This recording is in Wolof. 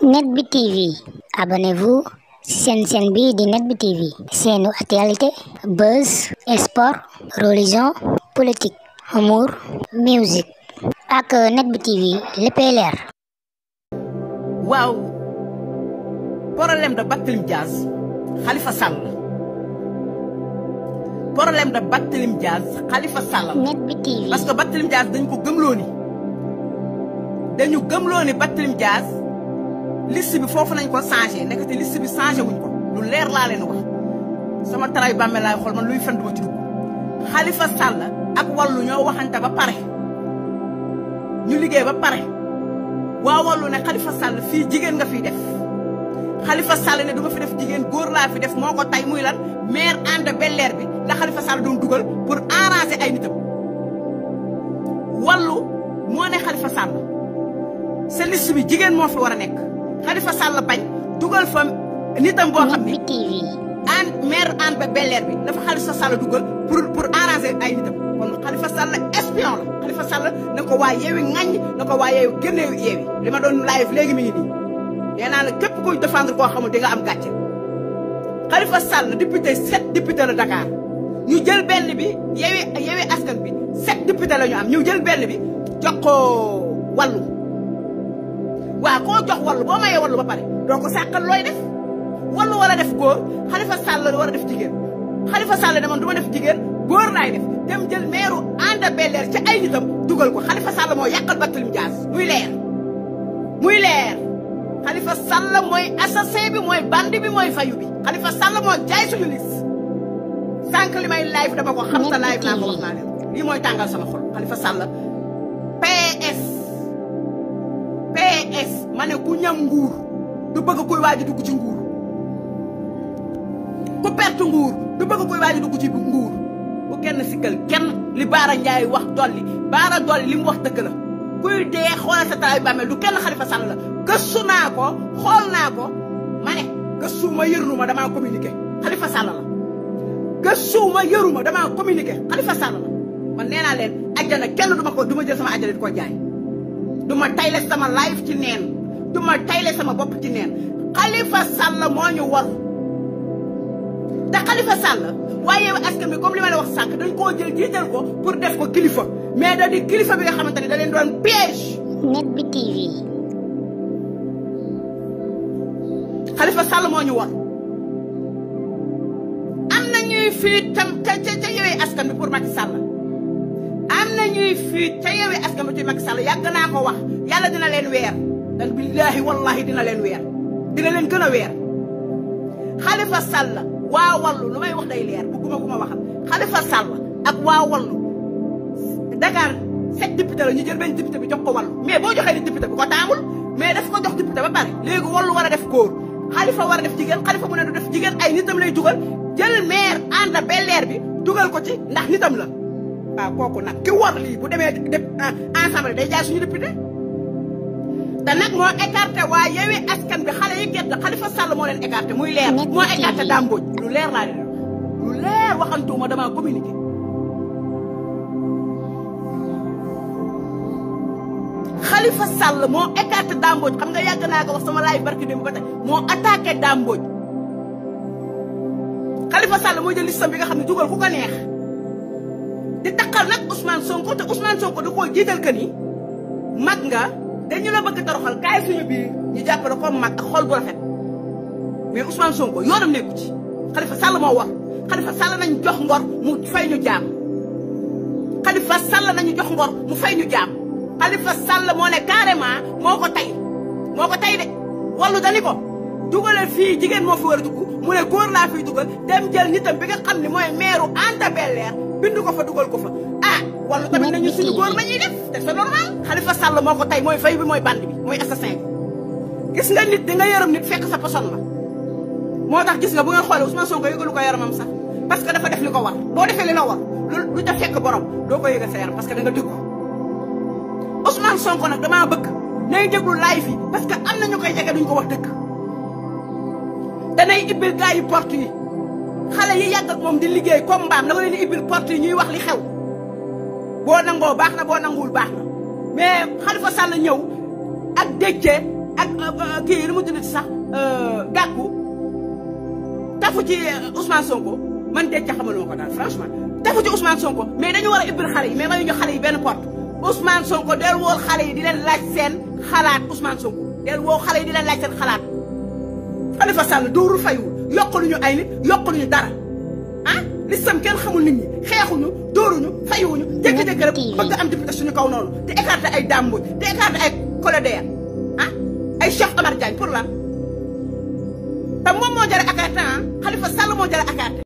net bi tv abonnez-vous seen bi di net bi tv seenu actualité buzz sport religion politique humour musique ak net bi tv léppay leer waaw problème de Barthélémy Dias parce que Barthélémy Dias dañ ko gëmloo dañu gëmloo ni Barthélémy liste bi foofu lañ ko changé nekkati liste bi changé wuñ ko lu leer laa leen sama taray bàmme laay xool man luy fen duma ci ak wàllu ñoo waxante ba pare ñu liggéey ba pare waa wàllu ne Khalifa fii jigéen nga fiy def Khalifa Sall ne du fi def jigéen góor laa fi def moo ko tay muy lan maire ànd belleer bi la Khalifa doon dugal pour arranger ay nitam wàllu moo ne Khalifa Sall sa jigéen moo fi war a nekk Khalifa Sall bañ dugal fa nitam boo xam ni an maire an ba belleer bi dafa Khalifa Sall dugal pour pour arranger ay nitam kon Khalifa Sall espion la Khalifa Sall na ko waa yeewi ŋaññ na ko waa yeewi génne yeewi li ma doon live léegi mi ngi nii nee képp kuy défendre koo xamul di nga am gàcce Khalifa Sall député sept député la Dakar ñu jël benn bi yeewi yeewi askan bi sept député la ñu am ñu jël benn bi jox ko waa koo jox wallu boo mayee wallu ba pare doo ko sàqal looy def wallu war def góor Xalifa Sall war a def jigéen Xalifa Sall ne man du def jigéen góor laay def dem jël meeru ànda belleer ci ay dugal ko Xalifa Sall moo yàqal battalum jaas muy leer muy leer Xalifa Sall mooy assassin bi mooy bandi bi mooy fayu bi Xalifa Sall moo jaay suñu lis sànq li may live dama xam sa live laa ko wax naa lii mooy tàngal sama Xalifa Sall PDS ma ne ku ñam nguur du bëgg koy waaj a dugg ci nguur ku perte nguur du bëgg koy waaj a dugg nguur bu kenn sikkal kenn li Baara Ndiaye wax dolli Baara dolli li mu wax dëgg kuy dee xoolal sa taay du kenn Khalifa Sall la naa ko xool naa ko ma ne gëstu ma yërnu ma damaa communiqué Khalifa Sall la gëstu ma yëru ma damaa communiqué man nee naa kenn du ma ko du ma jël sama ajjana di ko jaay du ma tayle sama life ci neen du tayle sama bopp ci neen Khalifa Sall moo ñu war te Khalifa Sall waaye askan bi comme li ma wax sànq dañ koo jël ko pour def ko kilifa mais da di kilifa bi nga xamante da leen doon piège. Net Bi moo ñu war am na ñuy fii tam ca ca yooyu askan bi pour Macky Sall. am na ñuy fii ca yewee askan bi ci Macky Sall naa ko wax yàlla dina leen weer dan billaahi wallahi dina leen weer dina leen gën a weer Khalifa Sall waa wallu lu may wax day leer bugguma ku ma waxal Khalifa Sall ak waa wallu Dakar sept député la jël benn député bi jox ko wallu mais boo joxee ni ko taamul mais daf ko jox député ba léegi wallu war a def góor Khalifa war a def jigéen Khalifa mu ne du def jigéen ay nitam débat kooku nag ki war lii bu demee def ah, ensemble day jaay suñu député te nag moo écarté waa Yewwi Askan Wi xale yi gerte Khalifa Sall moo leen écarté xam nga yàgg naa ko wax sama laay barki démb ba tey moo attaqué Dame Mbodj Khalifa Sall jël listam bi nga xam ne dugal ku ko toroxal nag Ousmane Sonko te Ousmane Sonko da koo jiital que ni mag nga dañu la bëgg toroxal kaay biir ñu jàppale ko mag ak xol bu rafet mais Sonko yoonam nekku ci Khalifa moo wax Khalifa Sall nañu jox ngor mu fay ñu jaam Khalifa moo ne carrément moo ko tey moo ko tey de wallu ko dugalal fii jigéen moo fi war a mu ne góor laa dugal dem jël nitam bi nga xam ne mooy meeru Anta Bel Air bind ko fa dugal ko a ah wala tamit nañu suñu góor la ñuy def te c'est normal Khalifa Sall moo ko tey mooy fay bi mooy band bi mooy assassin bi gis nga nit yërëm nit fekk sa personne la moo tax gis nga bu nga xoolee Ousmane Sonko yëgalu ko yaramam sax parce que dafa def li ko war boo defee li la war lu ta fekk borom doo ko yëgal parce que da nga dégg Ousmane Sonko nag damaa bëgg nay déglu live parce que am na ñu ko wax dëgg danay ibbil gars xale yi yàgg ak moom di liggéey comme mbaam dama leen ibbil porte yi ñuy wax li boo nangoo baax na boo nanguwul baax na mais Khalifa Sall ñëw ak Déthié ak euh, euh, kii lu mu sax euh, gàkku tafu ci Sonko man Déthié xamaloo ko daal franchement tafu ci Sonko mais dañu war a ibbil xale yi mais mayuñu xale yi benn porte Ousmane Sonko del woo xale yi di leen laaj seen xalaat Ousmane Sonko del woo xale yi di leen laaj seen xalaat Khalifa Sall dóoru faywul yokkaluñu ay nit yokkaluñu dara ah li sam kenn xamul nit ñi xeexuñu dóoruñu fayuñu jékki-jékki rek bëgg am député suñu kaw noonu te écarté ay Dame Mbodj te écarté ay Kolodeya ah ay Cheikh Omar Diagne lan te moom moo jëre écarté ah Khalifa Sall moo jëre écarté